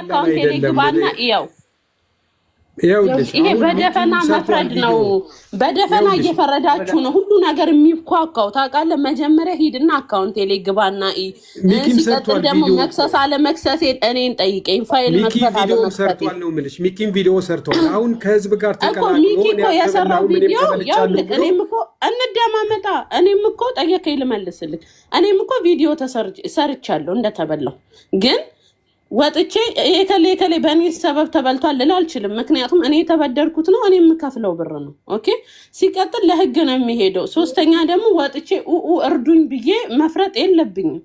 አካውንት ላይ ግባና ይኸው ይሄ በደፈና መፍረድ ነው። በደፈና እየፈረዳችሁ ነው። ሁሉ ነገር የሚኳኳው ታውቃለህ። መጀመሪያ ሂድና አካውንት ላይ ግባና ሲቀጥል ደግሞ መክሰስ አለመክሰሴ እኔን ጠይቀኝ። ፋይል መክፈት ሚኪን ቪዲዮ ሰርተዋል። አሁን ከህዝብ ጋር ሚኪ እኮ የሰራው ቪዲዮ ያውልቅ። እኔም እኮ እንደማመጣ እኔም እኮ ጠየቀኝ ልመልስልኝ። እኔም እኮ ቪዲዮ ሰርቻለሁ እንደተበላው ግን ወጥቼ የከሌ የከሌ በእኔ ሰበብ ተበልቷል ልል አልችልም። ምክንያቱም እኔ የተበደርኩት ነው እኔ የምከፍለው ብር ነው። ኦኬ ሲቀጥል ለህግ ነው የሚሄደው። ሶስተኛ ደግሞ ወጥቼ ኡኡ እርዱኝ ብዬ መፍረጥ የለብኝም።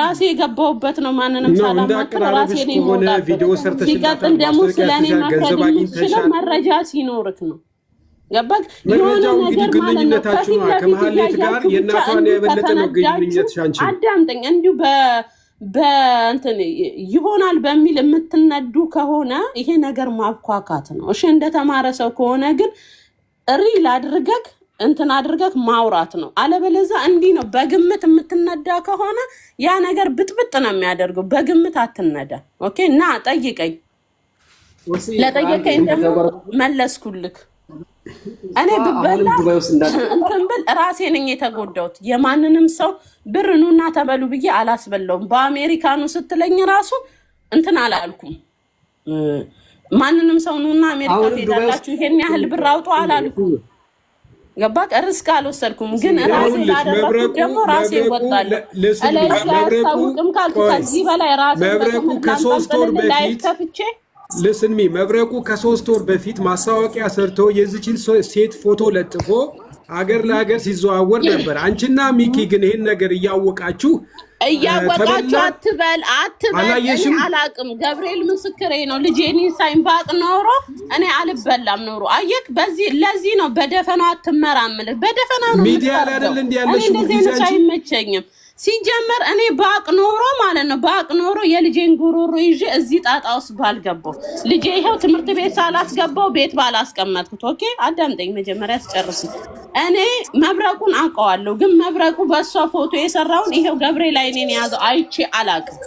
ራሴ የገባውበት ነው። ማንንም ሳላማክር ራሴ ሲቀጥል ደግሞ ስለእኔ መፍረድ የምትችለው መረጃ ሲኖርክ ነው። ገባክ? የሆነ ነገር ማለት ነው ከፊት ለፊት እያያችሁ ብቻ እንዲሁ ተናዳችሁ አዳምጠኝ እንዲሁ በእንትን ይሆናል በሚል የምትነዱ ከሆነ ይሄ ነገር ማብኳካት ነው። እሺ እንደተማረ ሰው ከሆነ ግን ሪል አድርገክ እንትን አድርገክ ማውራት ነው። አለበለዛ እንዲህ ነው በግምት የምትነዳ ከሆነ ያ ነገር ብጥብጥ ነው የሚያደርገው። በግምት አትነዳ። ኦኬ። እና ጠይቀኝ፣ ለጠየቀኝ ደግሞ መለስኩልክ። እኔ ብበላ ብል ራሴ ነኝ የተጎዳሁት። የማንንም ሰው ብር ኑና ተበሉ ብዬ አላስበላውም። በአሜሪካኑ ስትለኝ ራሱ እንትን አላልኩም። ማንንም ሰው ኑና አሜሪካ ትሄዳላችሁ ይሄን ያህል ብር አውጡ አላልኩም። ገባት ርስክ አልወሰድኩም። ግን ራሴ ላደረኩት ደግሞ ራሴ እወጣለሁ። እላይ ላይ ካልኩ ከዚህ በላይ ራሴ ከሶስት ወር በፊት ከፍቼ ልስንሚ መብረቁ ከሶስት ወር በፊት ማስታወቂያ ሰርቶ የዚችን ሴት ፎቶ ለጥፎ አገር ለሀገር ሲዘዋወር ነበር። አንቺና ሚኪ ግን ይህን ነገር እያወቃችሁ እያወቃችሁ አትበል አትበል። እኔ አላቅም። ገብርኤል ምስክሬ ነው። ልጅ የኔን ሳይንባቅ ኖሮ እኔ አልበላም ኖሮ። አየክ፣ በዚህ ለዚህ ነው በደፈና አትመራምልህ። በደፈና ነው ሚዲያ ላይ አይደል እንዲያለሽ ሳይመቸኝም ሲጀመር እኔ ባቅ ኖሮ ማለት ነው ባቅ ኖሮ የልጄን ጉሮሮ ይዤ እዚህ ጣጣ ውስጥ ባልገባው ልጄ ይኸው ትምህርት ቤት ሳላስገባው ቤት ባላስቀመጥኩት። ኦኬ አዳምጠኝ መጀመሪያ አስጨርስ። እኔ መብረቁን አውቀዋለሁ፣ ግን መብረቁ በእሷ ፎቶ የሰራውን ይኸው ገብሬ ላይ እኔን የያዘው አይቼ አላውቅም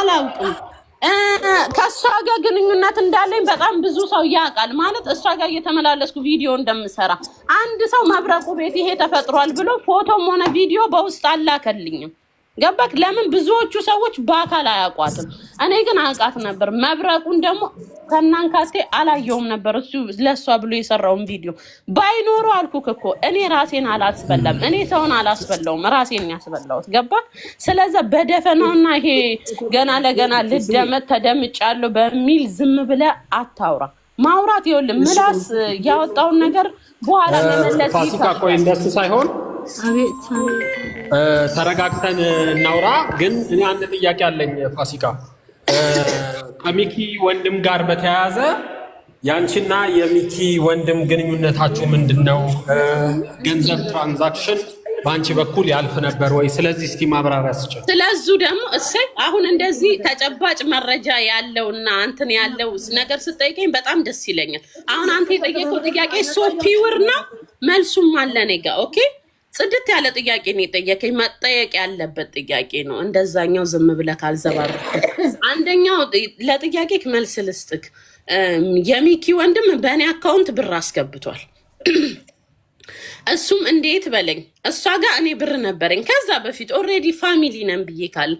አላውቅም ከእሷ ጋር ግንኙነት እንዳለኝ በጣም ብዙ ሰው ያውቃል። ማለት እሷ ጋር እየተመላለስኩ ቪዲዮ እንደምሰራ አንድ ሰው መብረቁ ቤት ይሄ ተፈጥሯል ብሎ ፎቶም ሆነ ቪዲዮ በውስጥ አላከልኝም። ገባክ? ለምን ብዙዎቹ ሰዎች በአካል አያውቋትም። እኔ ግን አውቃት ነበር። መብረቁን ደግሞ ከናን ካስቴ አላየውም ነበር እሱ ለእሷ ብሎ የሰራውን ቪዲዮ ባይኖሩ አልኩክ እኮ እኔ ራሴን አላስበላም። እኔ ሰውን አላስበላውም፣ ራሴን ያስበላውት ገባ። ስለዚ በደፈናውና ይሄ ገና ለገና ልደመት ተደምጫለሁ በሚል ዝም ብለ አታውራ። ማውራት ይኸውልህ ምላስ ያወጣውን ነገር ፋሲካ፣ ቆይ እንደሱ ሳይሆን ተረጋግተን እናውራ። ግን እኔ አንድ ጥያቄ አለኝ ፋሲካ። ከሚኪ ወንድም ጋር በተያያዘ ያንቺና የሚኪ ወንድም ግንኙነታችሁ ምንድን ነው? ገንዘብ ትራንዛክሽን በአንቺ በኩል ያልፍ ነበር ወይ? ስለዚህ እስቲ ማብራሪያ ስጭን። ስለዙ ደግሞ እሰይ አሁን እንደዚህ ተጨባጭ መረጃ ያለውና አንትን ያለው ነገር ስጠይቀኝ በጣም ደስ ይለኛል። አሁን አንተ የጠየቀው ጥያቄ ሶ ፒውር ነው፣ መልሱም አለ እኔ ጋ። ኦኬ ጽድት ያለ ጥያቄ ነው የጠየቀኝ፣ መጠየቅ ያለበት ጥያቄ ነው። እንደዛኛው ዝም ብለህ ካልዘባረቅክ፣ አንደኛው ለጥያቄ መልስ ልስጥክ። የሚኪ ወንድም በእኔ አካውንት ብር አስገብቷል እሱም እንዴት በለኝ እሷ ጋር እኔ ብር ነበረኝ ከዛ በፊት ኦሬዲ ፋሚሊ ነን ብዬ ካለ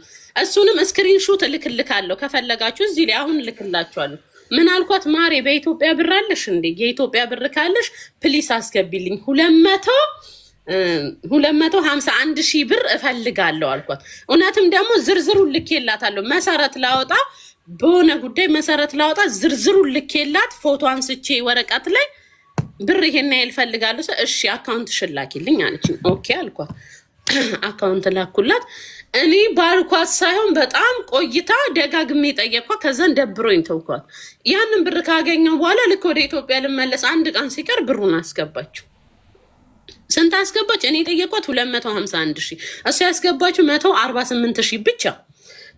እሱንም ስክሪንሾት እልክልካለሁ ከፈለጋችሁ እዚህ ላይ አሁን እልክላችኋለሁ። ምን አልኳት ማሬ በኢትዮጵያ ብር አለሽ እንዴ? የኢትዮጵያ ብር ካለሽ ፕሊስ አስገቢልኝ ሁለት መቶ ሁለት መቶ ሀምሳ አንድ ሺህ ብር እፈልጋለሁ አልኳት። እውነትም ደግሞ ዝርዝሩን ልኬላታለሁ። መሰረት ላወጣ በሆነ ጉዳይ መሰረት ላወጣ ዝርዝሩን ልኬላት ፎቶ አንስቼ ወረቀት ላይ ብር ይሄን ያህል እፈልጋለሁ። እሺ አካውንት ሽላኪልኝ አለች። ኦኬ አልኳት። አካውንት ላኩላት። እኔ ባልኳት ሳይሆን በጣም ቆይታ ደጋግሜ ጠየኳት። ከዛን ደብሮኝ ተውኳት። ያንን ብር ካገኘው በኋላ ልክ ወደ ኢትዮጵያ ልመለስ አንድ ቀን ሲቀር ብሩን አስገባችው። ስንት አስገባች? እኔ የጠየኳት ሁለት መቶ ሀምሳ አንድ ሺ እሱ ያስገባችው መቶ አርባ ስምንት ሺ ብቻ።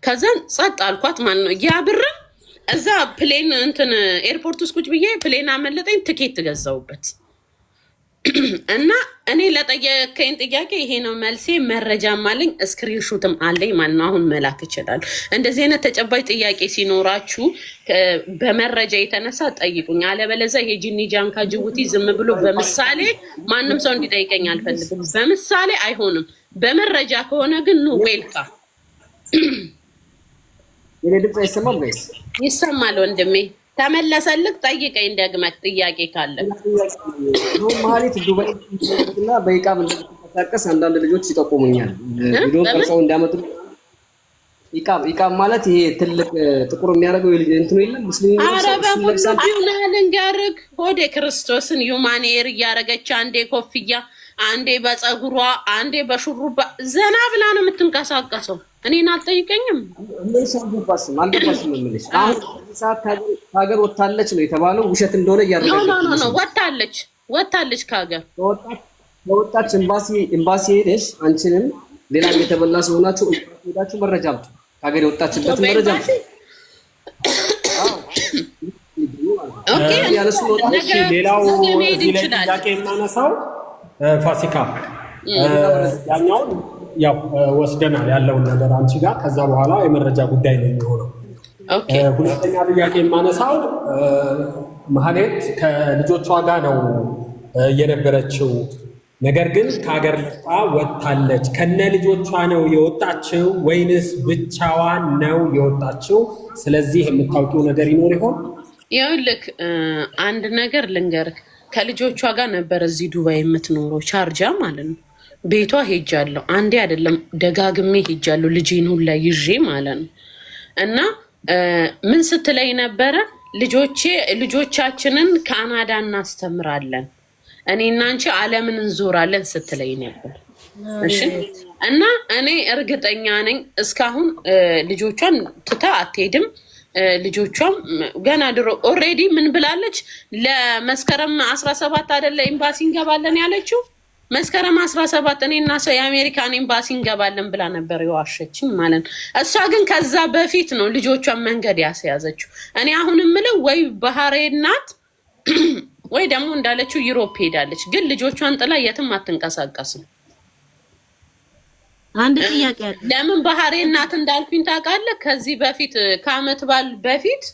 ከዛን ጸጥ አልኳት ማለት ነው ያ ብርም እዛ ፕሌን እንትን ኤርፖርት ውስጥ ቁጭ ብዬ ፕሌን አመለጠኝ፣ ትኬት ገዛውበት እና እኔ ለጠየከኝ ጥያቄ ይሄ ነው መልሴ። መረጃም አለኝ እስክሪንሹትም አለኝ ማለት አሁን መላክ ይችላል። እንደዚህ አይነት ተጨባጭ ጥያቄ ሲኖራችሁ በመረጃ የተነሳ ጠይቁኝ። አለበለዚያ ይሄ ጂኒ ጃንካ ጅቡቲ ዝም ብሎ በምሳሌ ማንም ሰው እንዲጠይቀኝ አልፈልግም። በምሳሌ አይሆንም። በመረጃ ከሆነ ግን ኑ እኔ ድምፅ አይሰማም ጋይስ? ይሰማል ወንድሜ። ተመለሰልክ፣ ጠይቀኝ ደግመህ ጥያቄ ካለ። ማህሌት ዱባይ እና በኢቃም እንደምትንቀሳቀስ አንዳንድ ልጆች ይጠቁሙኛል። ቪዲዮ ቀርጸው እንዲያመጡ ኢቃም ኢቃም ማለት ይሄ ትልቅ ጥቁር የሚያደርገው እንትኑ የለም ሙስሊም ልንገርህ፣ ሆዴ ክርስቶስን ዩማኔር እያደረገች አንዴ ኮፍያ፣ አንዴ በፀጉሯ፣ አንዴ በሹሩባ ዘና ብላ ነው የምትንቀሳቀሰው። እኔን አልጠይቀኝም። ከሀገር ወታለች ነው የተባለው ውሸት እንደሆነ እያደረገ ወታለች ወታለች ከሀገር ከወጣች ኤምባሲ ሄደሽ አንቺንም ሌላ የተበላ ሲሆናችሁ ሄዳችሁ መረጃ አምጡ። ከሀገር የወጣችበት መረጃ ሌላው ላይ ጥያቄ የማነሳው ፋሲካ ያኛውን ያው ወስደናል ያለውን ነገር አንቺ ጋር ከዛ በኋላ የመረጃ ጉዳይ ነው የሚሆነው። ሁለተኛ ጥያቄ የማነሳው ማህሌት ከልጆቿ ጋር ነው የነበረችው። ነገር ግን ከሀገር ልጣ ወጥታለች። ከነ ልጆቿ ነው የወጣችው ወይንስ ብቻዋን ነው የወጣችው? ስለዚህ የምታውቂው ነገር ይኖር ይሆን? ልክ አንድ ነገር ልንገርህ፣ ከልጆቿ ጋር ነበር እዚህ ዱባይ የምትኖረው ቻርጃ ማለት ነው ቤቷ ሄጃለሁ። አንዴ አይደለም ደጋግሜ ሄጃለሁ፣ ልጄን ሁላ ይዤ ማለት ነው። እና ምን ስትለይ ነበረ? ልጆቼ ልጆቻችንን ካናዳ እናስተምራለን፣ እኔ እናንቺ አለምን እንዞራለን ስትለይ ነበር። እሺ እና እኔ እርግጠኛ ነኝ እስካሁን ልጆቿን ትታ አትሄድም። ልጆቿም ገና ድሮ ኦሬዲ ምን ብላለች? ለመስከረም አስራ ሰባት አደለ ኤምባሲ እንገባለን ያለችው መስከረም አስራ ሰባት እኔና ሰው የአሜሪካን ኤምባሲ እንገባለን ብላ ነበር የዋሸችኝ ማለት ነው። እሷ ግን ከዛ በፊት ነው ልጆቿን መንገድ ያስያዘችው። እኔ አሁን የምለው ወይ ባህሬን ናት ወይ ደግሞ እንዳለችው ዩሮፕ ሄዳለች። ግን ልጆቿን ጥላ የትም አትንቀሳቀስም። አንድ ጥያቄ ለምን ባህሬን ናት እንዳልኩኝ ታውቃለህ? ከዚህ በፊት ከአመት ባል በፊት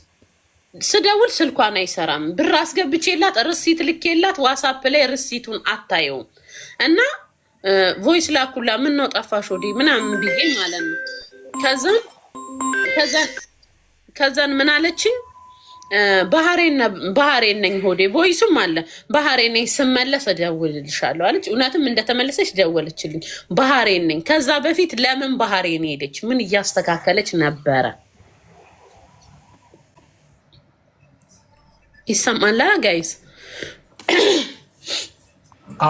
ስደውል ስልኳን አይሰራም። ብር አስገብቼላት ርሲት ልኬላት ዋሳፕ ላይ ርሲቱን አታየውም። እና ቮይስ ላኩላ ምን ነው ጠፋሽ ወዲህ ምናምን ብዬ ማለት ነው። ከዛን ከዛን ከዛን ምን አለችኝ ባህሬን ነኝ ሆዴ ቮይሱም አለ ባህሬን ነኝ ስመለስ እደውልልሻለሁ አለች። እውነትም እንደተመለሰች ደወለችልኝ። ባህሬን ነኝ። ከዛ በፊት ለምን ባህሬን ሄደች? ምን እያስተካከለች ነበረ? ይሰማላ ጋይስ?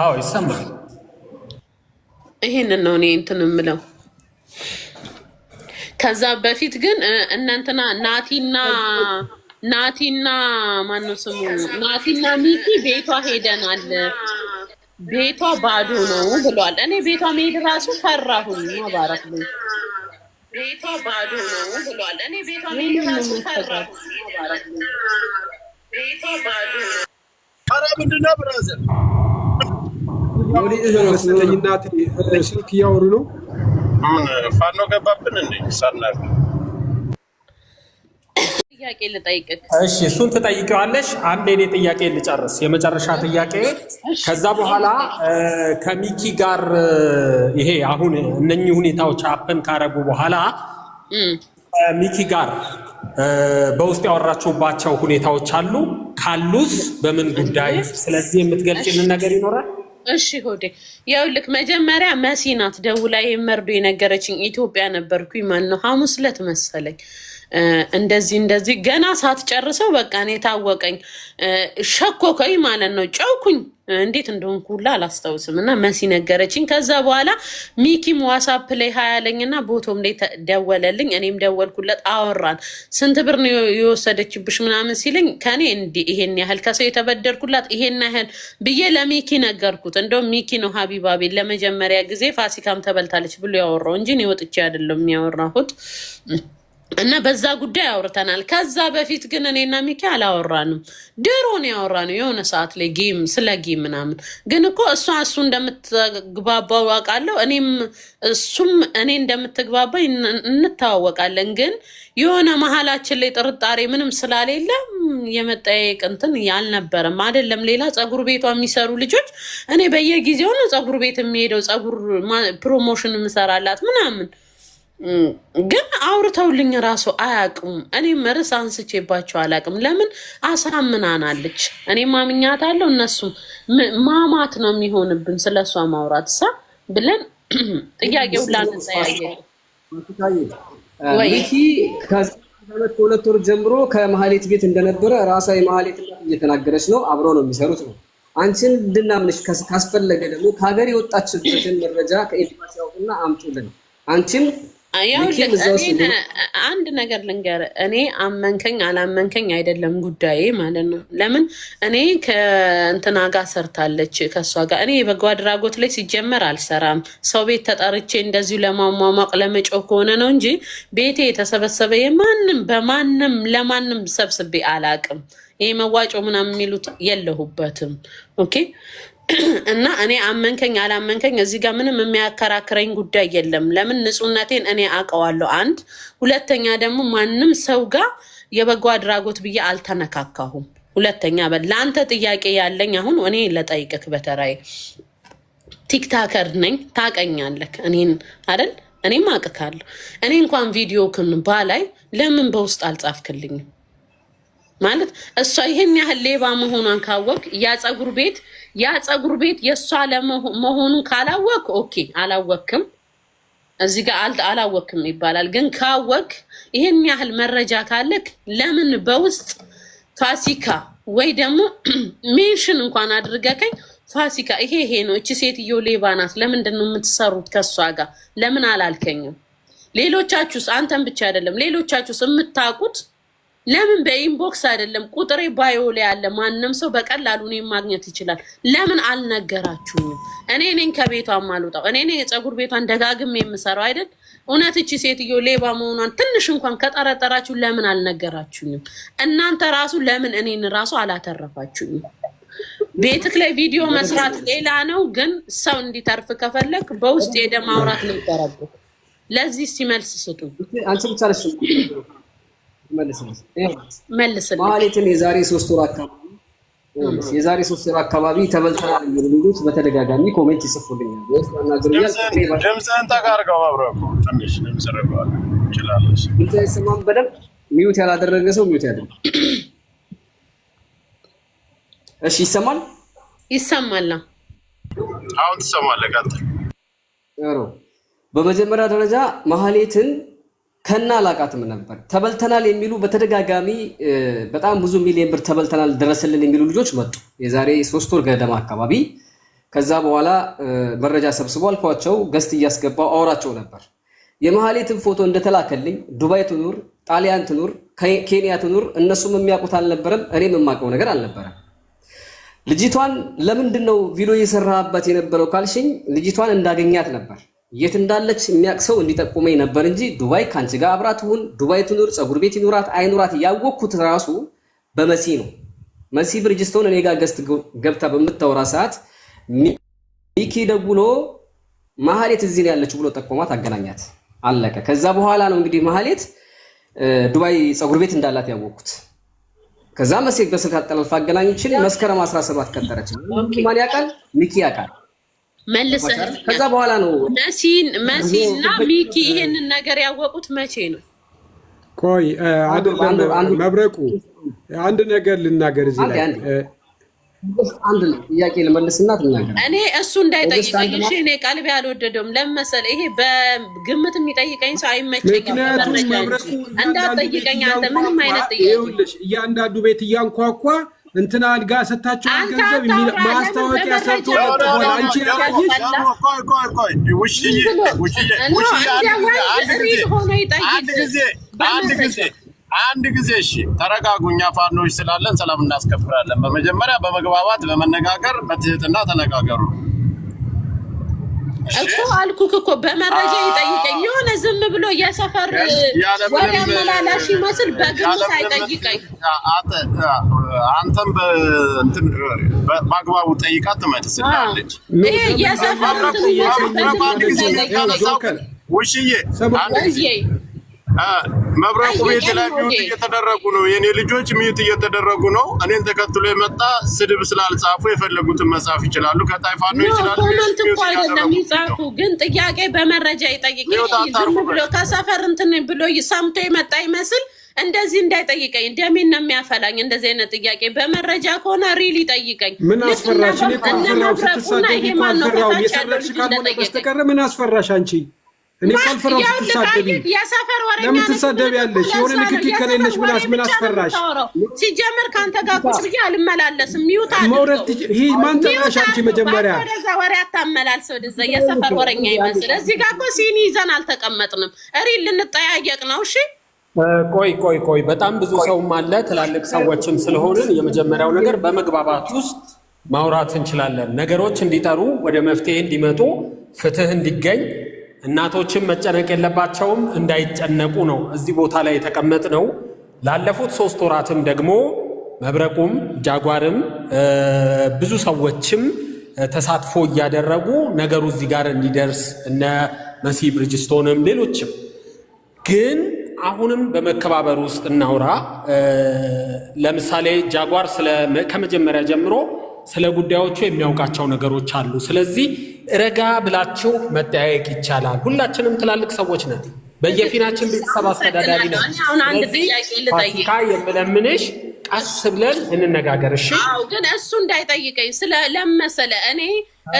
አዎ ይሰማል። ይሄንን ነው እኔ እንትን የምለው። ከዛ በፊት ግን እናንትና ናቲና ናቲና ማነው ስሙ ናቲና ሚኪ ቤቷ ሄደናል፣ ቤቷ ባዶ ነው ብሏል። እኔ ቤቷ መሄድ ራሱ ፈራሁኝ። ማባረክ ነው ቤቷ ባዶ ነው ብሏል። እኔ ቤቷ መሄድ ራሱ ፈራሁኝ። ማባረክ ነው ቤቷ ባዶ ነው። ኧረ ምንድን ነው ብራዘር ስልክ እያወሩ ነው። ምን ፋኖ ገባብን እንዴ? ሳናር ጥያቄ ልጠይቅህ። እሺ እሱን ትጠይቀዋለሽ። አንድ የኔ ጥያቄ ልጨርስ፣ የመጨረሻ ጥያቄ። ከዛ በኋላ ከሚኪ ጋር ይሄ አሁን እነኚህ ሁኔታዎች አፕን ካረጉ በኋላ ሚኪ ጋር በውስጥ ያወራችሁባቸው ሁኔታዎች አሉ? ካሉስ በምን ጉዳይ? ስለዚህ የምትገልጭልን ነገር ይኖራል? እሺ ሆዴ ያው ልክ መጀመሪያ መሲ ናት ደውላ የመርዶ የነገረችኝ። ኢትዮጵያ ነበርኩኝ ማነው ሐሙስ ዕለት መሰለኝ እንደዚህ እንደዚህ ገና ሳትጨርሰው በቃ እኔ ታወቀኝ ሸኮከኝ ማለት ነው ጨውኩኝ እንዴት እንደሆንኩ ሁላ አላስታውስም። እና መሲ ነገረችኝ። ከዛ በኋላ ሚኪም ዋሳፕ ላይ ሀያለኝ እና ቦቶም ላይ ደወለልኝ። እኔም ደወልኩለት፣ አወራን። ስንት ብር ነው የወሰደችብሽ ምናምን ሲለኝ ከኔ ይሄን ያህል ከሰው የተበደርኩላት ይሄን ያህል ብዬ ለሚኪ ነገርኩት። እንደውም ሚኪ ነው ሀቢባ ቤት ለመጀመሪያ ጊዜ ፋሲካም ተበልታለች ብሎ ያወራው እንጂ እኔ ወጥቼ አይደለም የሚያወራሁት። እና በዛ ጉዳይ አውርተናል። ከዛ በፊት ግን እኔና ሚኪ አላወራንም። ድሮን ነው ያወራነው የሆነ ሰዓት ላይ ጌም ስለ ጌም ምናምን። ግን እኮ እሷ እሱ እንደምትግባባው አውቃለሁ፣ እኔም እሱም እኔ እንደምትግባባኝ እንተዋወቃለን። ግን የሆነ መሀላችን ላይ ጥርጣሬ ምንም ስላሌለ የመጠያየቅ እንትን አልነበረም። አይደለም ሌላ ፀጉር ቤቷ የሚሰሩ ልጆች እኔ በየጊዜው ነው ፀጉር ቤት የሚሄደው ፀጉር ፕሮሞሽን ምሰራላት ምናምን ግን አውርተውልኝ ራሱ አያውቅም። እኔም ርዕስ አንስቼባቸው አላውቅም። ለምን አሳምናናለች፣ እኔ ማምኛት አለው። እነሱም ማማት ነው የሚሆንብን ስለሷ ማውራት ሳ ብለን ጥያቄው ላንተያየ ከሁለት ወር ጀምሮ ከመሀሌት ቤት እንደነበረ ራሷ የመሀሌት እየተናገረች ነው። አብረው ነው የሚሰሩት ነው አንቺን እንድናምንሽ ካስፈለገ ደግሞ ከሀገር የወጣችበትን መረጃ ከኤምባሲ አውጡና አምጡልን አንቺም አንድ ነገር ልንገር፣ እኔ አመንከኝ አላመንከኝ አይደለም ጉዳዬ ማለት ነው። ለምን እኔ ከእንትና ጋር ሰርታለች ከእሷ ጋር እኔ የበጎ አድራጎት ላይ ሲጀመር አልሰራም። ሰው ቤት ተጠርቼ እንደዚሁ ለማሟሟቅ ለመጮ ከሆነ ነው እንጂ ቤቴ የተሰበሰበ የማንም በማንም ለማንም ሰብስቤ አላቅም። ይሄ መዋጮ ምናምን የሚሉት የለሁበትም። ኦኬ እና እኔ አመንከኝ አላመንከኝ እዚህ ጋር ምንም የሚያከራክረኝ ጉዳይ የለም። ለምን ንጹሕነቴን እኔ አውቀዋለሁ። አንድ ሁለተኛ ደግሞ ማንም ሰው ጋር የበጎ አድራጎት ብዬ አልተነካካሁም። ሁለተኛ ለአንተ ጥያቄ ያለኝ አሁን እኔ ለጠይቅክ በተራዬ ቲክታከር ነኝ ታቀኛለክ እኔን አይደል? እኔም አቅካለሁ። እኔ እንኳን ቪዲዮ ክን ባላይ ለምን በውስጥ አልጻፍክልኝም? ማለት እሷ ይህን ያህል ሌባ መሆኗን ካወቅ ያ ፀጉር ቤት ያ ፀጉር ቤት የእሷ ለመሆኑን ካላወቅ ኦኬ፣ አላወቅም እዚህ ጋር አላወቅም ይባላል። ግን ካወቅ ይህን ያህል መረጃ ካለክ ለምን በውስጥ ፋሲካ ወይ ደግሞ ሜንሽን እንኳን አድርገከኝ ፋሲካ ይሄ ይሄ ነው፣ እቺ ሴትዮ ሌባ ናት፣ ለምንድን ነው የምትሰሩት ከእሷ ጋር ለምን አላልከኝም? ሌሎቻችሁስ፣ አንተን ብቻ አይደለም ሌሎቻችሁስ የምታውቁት ለምን በኢንቦክስ አይደለም? ቁጥሬ ባዮ ላይ አለ። ማንም ሰው በቀላሉ እኔን ማግኘት ይችላል። ለምን አልነገራችሁም? እኔ እኔን ከቤቷ ማልወጣው እኔ ነኝ የፀጉር ቤቷን ደጋግሜ የምሰራው አይደል? እውነት እቺ ሴትዮ ሌባ መሆኗን ትንሽ እንኳን ከጠረጠራችሁ ለምን አልነገራችሁኝም? እናንተ ራሱ ለምን እኔን ራሱ አላተረፋችሁኝም? ቤትክ ላይ ቪዲዮ መስራት ሌላ ነው፣ ግን ሰው እንዲተርፍ ከፈለግ በውስጥ ሄደህ ማውራት ለዚህ ሲመልስ ስጡ። መልስልኝ የዛሬ ሶስት ወር አካባቢ የዛሬ ሶስት ወር አካባቢ ተበልተናል የሚሉ በተደጋጋሚ ኮሜንት ይጽፉልኛል። ድምፅህን ተቃርገው አብረህ ሚዩት ያላደረገ ሰው ሚዩት ያደርግ። እሺ ይሰማል፣ ይሰማል። አሁን ትሰማለህ። በመጀመሪያ ደረጃ ማህሌትን ከና አላቃትም ነበር። ተበልተናል የሚሉ በተደጋጋሚ በጣም ብዙ ሚሊዮን ብር ተበልተናል ደረሰልን የሚሉ ልጆች መጡ፣ የዛሬ ሶስት ወር ገደማ አካባቢ። ከዛ በኋላ መረጃ ሰብስቦ አልኳቸው፣ ገስት እያስገባው አውራቸው ነበር። የመሀሌትን ፎቶ እንደተላከልኝ ዱባይ ትኑር፣ ጣሊያን ትኑር፣ ኬንያ ትኑር፣ እነሱም የሚያውቁት አልነበረም፣ እኔም የማውቀው ነገር አልነበረም። ልጅቷን ለምንድን ነው ቪዲዮ እየሰራህባት የነበረው ካልሽኝ፣ ልጅቷን እንዳገኛት ነበር የት እንዳለች የሚያውቅ ሰው እንዲጠቁመኝ ነበር እንጂ ዱባይ ከአንቺ ጋር አብራ ትሁን፣ ዱባይ ትኑር፣ ፀጉር ቤት ይኑራት አይኑራት ያወቅኩት ራሱ በመሲ ነው። መሲ ብርጅስቶን እኔ ጋር ገስት ገብታ በምታወራ ሰዓት ሚኪ ደውሎ ማህሌት እዚህ ነው ያለችው ብሎ ጠቆማት፣ አገናኛት፣ አለቀ። ከዛ በኋላ ነው እንግዲህ ማህሌት ዱባይ ፀጉር ቤት እንዳላት ያወቅኩት። ከዛ መሴ በስልክ አጠላልፋ አገናኝችን። መስከረም 17 ቀጠረች። ማን ያውቃል? ሚኪ ያውቃል። መልሰህ ከዛ በኋላ ነው መሲን መሲና ሚኪ ይሄንን ነገር ያወቁት መቼ ነው? ቆይ አይደለም መብረቁ፣ አንድ ነገር ልናገር እዚህ ላይ አንድ ነው ጥያቄ ልመልስና ትናገር። እኔ እሱ እንዳይጠይቀኝ እሺ። እኔ ቀልቤ አልወደደውም። ለምን መሰለህ? ይሄ በግምት የሚጠይቀኝ ሰው አይመቸኝም። እንዳትጠይቀኝ አንተ ምንም አይነት ጥያቄ እያንዳንዱ ቤት እያንኳኳ እንትና አልጋ ሰታቸው ገንዘብ ማስታወቂያ ሰርቶ አንቺ አንድ ጊዜ እሺ፣ ተረጋጉኛ። ፋኖች ስላለን ሰላም እናስከብራለን። በመጀመሪያ በመግባባት በመነጋገር በትህትና ተነጋገሩ። እኮ አልኩክ እኮ በመረጃ ይጠይቀኝ። የሆነ ዝም ብሎ የሰፈር ወደ አመላላሽ ይመስል በግምት አይጠይቀኝ። አንተም በአግባቡ ጠይቃት ትመልስላለች። የሰፈር ውሽዬ መብረቁ ቤት ላይ ሚዩት እየተደረጉ ነው። የኔ ልጆች ሚዩት እየተደረጉ ነው። እኔን ተከትሎ የመጣ ስድብ ስላልጻፉ የፈለጉትን መጻፍ ይችላሉ። ከጣይፋ ነው ይችላሉ። ኮመንት እኮ አይደለም ይጻፉ፣ ግን ጥያቄ በመረጃ ይጠይቅ። ብሎ ከሰፈር እንትን ብሎ ሰምቶ የመጣ ይመስል እንደዚህ እንዳይጠይቀኝ ደሜን ነው የሚያፈላኝ። እንደዚህ አይነት ጥያቄ በመረጃ ከሆነ ሪል ይጠይቀኝ። ምን አስፈራሽ? እነ መብረቁና ይሄ ማን ነው ከታች ያለው ልጅ እንደጠየቀኝ ምን አስፈራሽ አንቺ እኔ ኮንፈረንስ ትሳደቢ የሰፈር ወሬኛ ትሳደቢያለሽ? የሆነ ንክኪ ከሌለሽ ምላሽ ምን አስፈራሽ? ሲጀምር ከአንተ ጋር ቁጭ ብዬ አልመላለስም። ሚውት መውረድ ማን ጠራሽ አንቺ? መጀመሪያ ወደዛ ወሬ አታመላልስ። ወደዛ የሰፈር ወረኛ ይመስል እዚህ ጋር እኮ ሲኒ ይዘን አልተቀመጥንም። እሪ ልንጠያየቅ ነው። እሺ ቆይ ቆይ ቆይ፣ በጣም ብዙ ሰውም አለ ትላልቅ ሰዎችም ስለሆንን የመጀመሪያው ነገር በመግባባት ውስጥ ማውራት እንችላለን። ነገሮች እንዲጠሩ ወደ መፍትሄ እንዲመጡ ፍትህ እንዲገኝ እናቶችም መጨነቅ የለባቸውም እንዳይጨነቁ ነው እዚህ ቦታ ላይ የተቀመጥ ነው። ላለፉት ሶስት ወራትም ደግሞ መብረቁም ጃጓርም ብዙ ሰዎችም ተሳትፎ እያደረጉ ነገሩ እዚህ ጋር እንዲደርስ እነ መሲ ብርጅስቶንም ሌሎችም ግን አሁንም በመከባበር ውስጥ እናውራ። ለምሳሌ ጃጓር ከመጀመሪያ ጀምሮ ስለ ጉዳዮቹ የሚያውቃቸው ነገሮች አሉ። ስለዚህ ረጋ ብላችሁ መጠያየቅ ይቻላል። ሁላችንም ትላልቅ ሰዎች ነን። በየፊናችን ቤተሰብ አስተዳዳሪ ነው። ፋሲካ የምለምንሽ ቀስ ብለን እንነጋገር። እሺ፣ ግን እሱ እንዳይጠይቀኝ ስለለመሰለ እኔ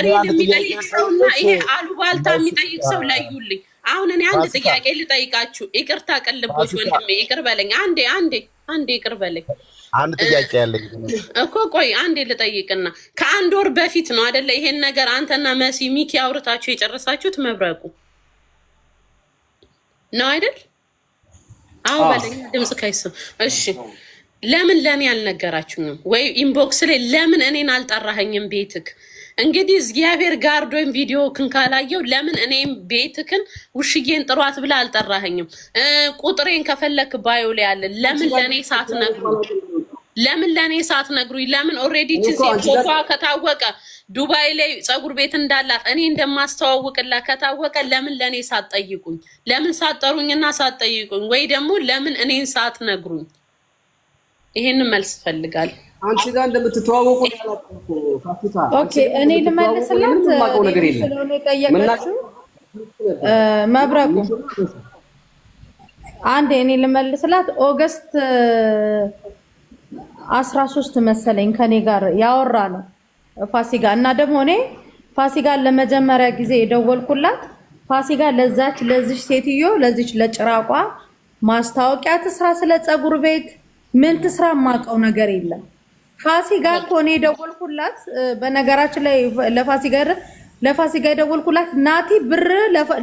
ሪል የሚጠይቅ ሰውና ይሄ አሉባልታ የሚጠይቅ ሰው ለዩልኝ። አሁን እኔ አንድ ጥያቄ ልጠይቃችሁ። ይቅርታ ቅልቦች፣ ወንድሜ ይቅር በለኝ። አንዴ አንዴ አንዴ ይቅር በለኝ። አንድ ጥያቄ ያለኝ እኮ ቆይ አንዴ ልጠይቅና ከአንድ ወር በፊት ነው አደለ? ይሄን ነገር አንተና መሲ ሚኪ አውርታችሁ የጨረሳችሁት መብረቁ ነው አይደል? አዎ በለኝ፣ ድምፅ ከይስም። እሺ ለምን ለእኔ አልነገራችሁም ወይ ኢንቦክስ ላይ ለምን እኔን አልጠራኸኝም ቤትክ? እንግዲህ እግዚአብሔር ወይም ቪዲዮ ክን ካላየው ለምን እኔም ቤትክን ውሽዬን ጥሯት ብላ አልጠራኸኝም? ቁጥሬን ከፈለክ ባዮ ላይ አለ። ለምን ለእኔ ሳትነግሩኝ ለምን ለእኔ ነግሩኝ? ለምን ኦልሬዲ ቺዚ ፎቷ ከታወቀ ዱባይ ላይ ፀጉር ቤት እንዳላት እኔ እንደማስተዋውቅላት ከታወቀ ለምን ለእኔ ሰዓት ጠይቁኝ? ለምን ሰዓት ጠይቁኝ? ወይ ደግሞ ለምን እኔን ሰዓት ነግሩኝ? ይሄንን መልስ ፈልጋል። አንቺ ጋር እንደምትተዋወቁ ኦኬ። እኔ ልመልስላት ስለሆነ የጠየቀችው መብረቁ አንዴ እኔ ልመልስላት ኦገስት አስራ ሶስት መሰለኝ ከኔ ጋር ያወራ ነው ፋሲጋ እና ደግሞ እኔ ፋሲጋን ለመጀመሪያ ጊዜ የደወልኩላት ፋሲጋ ለዛች ለዚች ሴትዮ ለዚች ለጭራቋ ማስታወቂያ ትስራ፣ ስለ ፀጉር ቤት ምን ትስራ ማቀው ነገር የለም። ፋሲጋ እኮ እኔ የደወልኩላት በነገራችን ላይ ለፋሲጋ ለፋሲጋ የደወልኩላት ናቲ ብር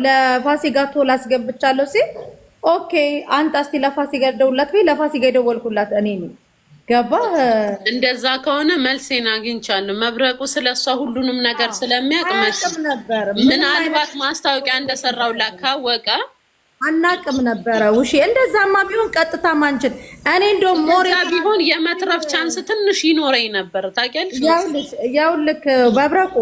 ለፋሲጋ ቶል አስገብቻለሁ ሲል ኦኬ አንጣ እስቲ ለፋሲጋ ደውላት ብዬ ለፋሲጋ የደወልኩላት እኔ ነኝ። ገባ። እንደዛ ከሆነ መልሴን አግኝቻለሁ። መብረቁ ስለሷ ሁሉንም ነገር ስለሚያውቅ ምናልባት ማስታወቂያ እንደሰራው ላካወቀ አናቅም ነበረ። ውሽ እንደዛማ ቢሆን ቀጥታ ማንችል እኔ እንደው ሞሪያ ቢሆን የመትረፍ ቻንስ ትንሽ ይኖረኝ ነበር። ታውቂያለሽ፣ ያውልክ መብረቁ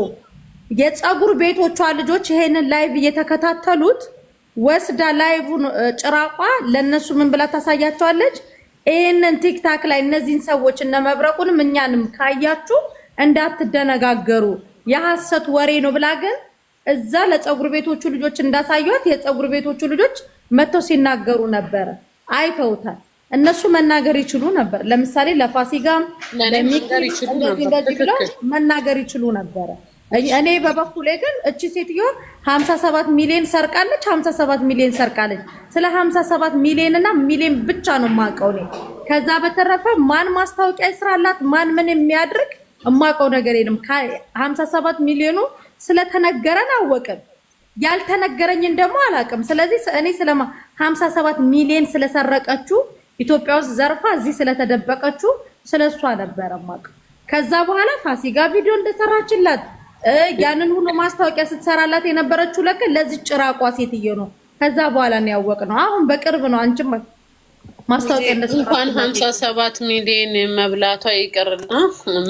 የፀጉር ቤቶቿ ልጆች ይሄንን ላይቭ እየተከታተሉት ወስዳ ላይቭ ጭራቋ ለእነሱ ምን ብላ ታሳያቸዋለች ይህንን ቲክታክ ላይ እነዚህን ሰዎች እነ እኛንም ካያችሁ እንዳትደነጋገሩ የሐሰት ወሬ ነው ብላ ግን እዛ ለፀጉር ቤቶቹ ልጆች እንዳሳዩት የፀጉር ቤቶቹ ልጆች መጥተው ሲናገሩ ነበረ። አይተውታል። እነሱ መናገር ይችሉ ነበር። ለምሳሌ ለፋሲካም ለሚክ እንደዚህ ብለው መናገር ይችሉ ነበረ። እኔ በበኩሌ ግን እቺ ሴትዮ 57 ሚሊዮን ሰርቃለች፣ 57 ሚሊዮን ሰርቃለች። ስለ 57 ሚሊዮን እና ሚሊዮን ብቻ ነው የማውቀው እኔ። ከዛ በተረፈ ማን ማስታወቂያ ይስራላት ማን ምን የሚያድርግ የማውቀው ነገር የለም። 57 ሚሊዮኑ ስለተነገረን አወቅን፣ ያልተነገረኝን ደግሞ አላውቅም። ስለዚህ እኔ ስለ 57 ሚሊዮን ስለሰረቀችው ኢትዮጵያ ውስጥ ዘርፋ እዚህ ስለተደበቀችው ስለሷ ነበረ የማውቀው። ከዛ በኋላ ፋሲካ ቪዲዮ እንደሰራችላት ያንን ሁሉ ማስታወቂያ ስትሰራላት የነበረችው ለከ ለዚህ ጭራቋ ሴትዮ ነው። ከዛ በኋላ ነው ያወቅነው። አሁን በቅርብ ነው አንቺም ማስታወቂያ እንኳን ሀምሳ ሰባት ሚሊዮን መብላቷ ይቅርና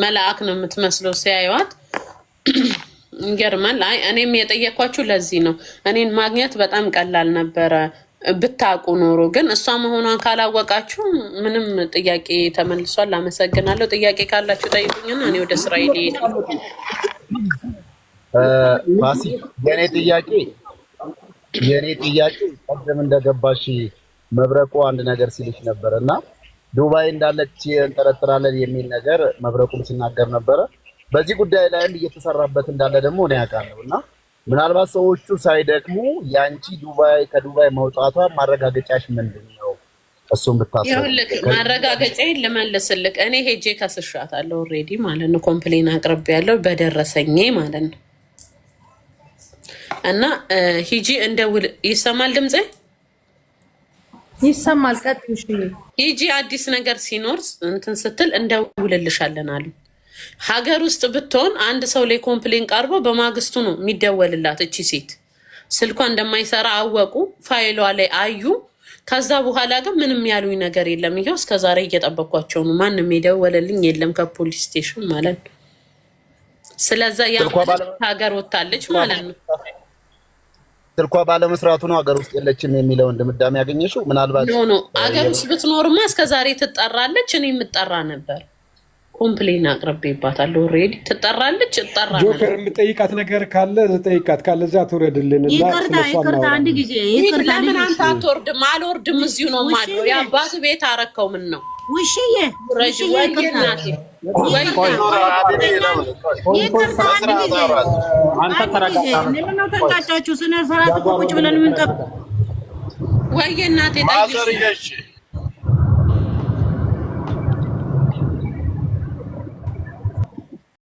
መልአክ ነው የምትመስለው ሲያዩዋት ይገርማል። አይ እኔም የጠየኳችሁ ለዚህ ነው። እኔን ማግኘት በጣም ቀላል ነበረ። ብታውቁ ኖሮ ግን እሷ መሆኗን ካላወቃችሁ ምንም ጥያቄ ተመልሷል። አመሰግናለሁ። ጥያቄ ካላችሁ ጠይቁኝና እኔ ወደ ስራ ሄድ። ፋሲ የኔ ጥያቄ የኔ ጥያቄ ቀደም እንደገባሽ መብረቁ አንድ ነገር ሲልሽ ነበር እና ዱባይ እንዳለች እንጠረጥራለን የሚል ነገር መብረቁም ሲናገር ነበረ። በዚህ ጉዳይ ላይም እየተሰራበት እንዳለ ደግሞ እኔ ያውቃለሁ እና ምናልባት ሰዎቹ ሳይደክሙ የአንቺ ዱባይ ከዱባይ መውጣቷ ማረጋገጫሽ ምንድን ነው? እሱም ብታስልክ ማረጋገጫዬን ልመልስልክ። እኔ ሄጄ ከስሻታለሁ ኦልሬዲ ማለት ነው። ኮምፕሌን አቅርብ ያለው በደረሰኝ ማለት ነው። እና ሂጂ እንደውል። ይሰማል ድምፄ? ይሰማል። ቀጥ ሂጂ። አዲስ ነገር ሲኖር እንትን ስትል እንደውልልሻለን አሉ ሀገር ውስጥ ብትሆን አንድ ሰው ላይ ኮምፕሌን ቀርቦ በማግስቱ ነው የሚደወልላት። እቺ ሴት ስልኳ እንደማይሰራ አወቁ፣ ፋይሏ ላይ አዩ። ከዛ በኋላ ግን ምንም ያሉኝ ነገር የለም። ይኸው እስከዛሬ እየጠበኳቸው ነው። ማንም የደወለልኝ የለም ከፖሊስ ስቴሽን ማለት ነው። ስለዛ ሀገር ወታለች ማለት ነው። ስልኳ ባለመስራቱ ነው ሀገር ውስጥ የለችም የሚለውን ድምዳሜ ያገኘሽው? ምናልባት ሆኖ ሀገር ውስጥ ብትኖርማ እስከዛሬ ትጠራለች፣ እኔ የምጠራ ነበር ኮምፕሌን አቅርቤባታለሁ። ኦልሬዲ ትጠራለች። እጠራ ጆከር የምጠይቃት ነገር ካለ ጠይቃት፣ ካለዚያ ትውረድልን። ይቅርታ ይቅርታ፣ አንድ ጊዜ ለምን አንተ አትወርድም? አልወርድም፣ እዚሁ ነው የማድረው። የአባት ቤት አረከው። ምን ነው ውሽዬ፣ እናቴ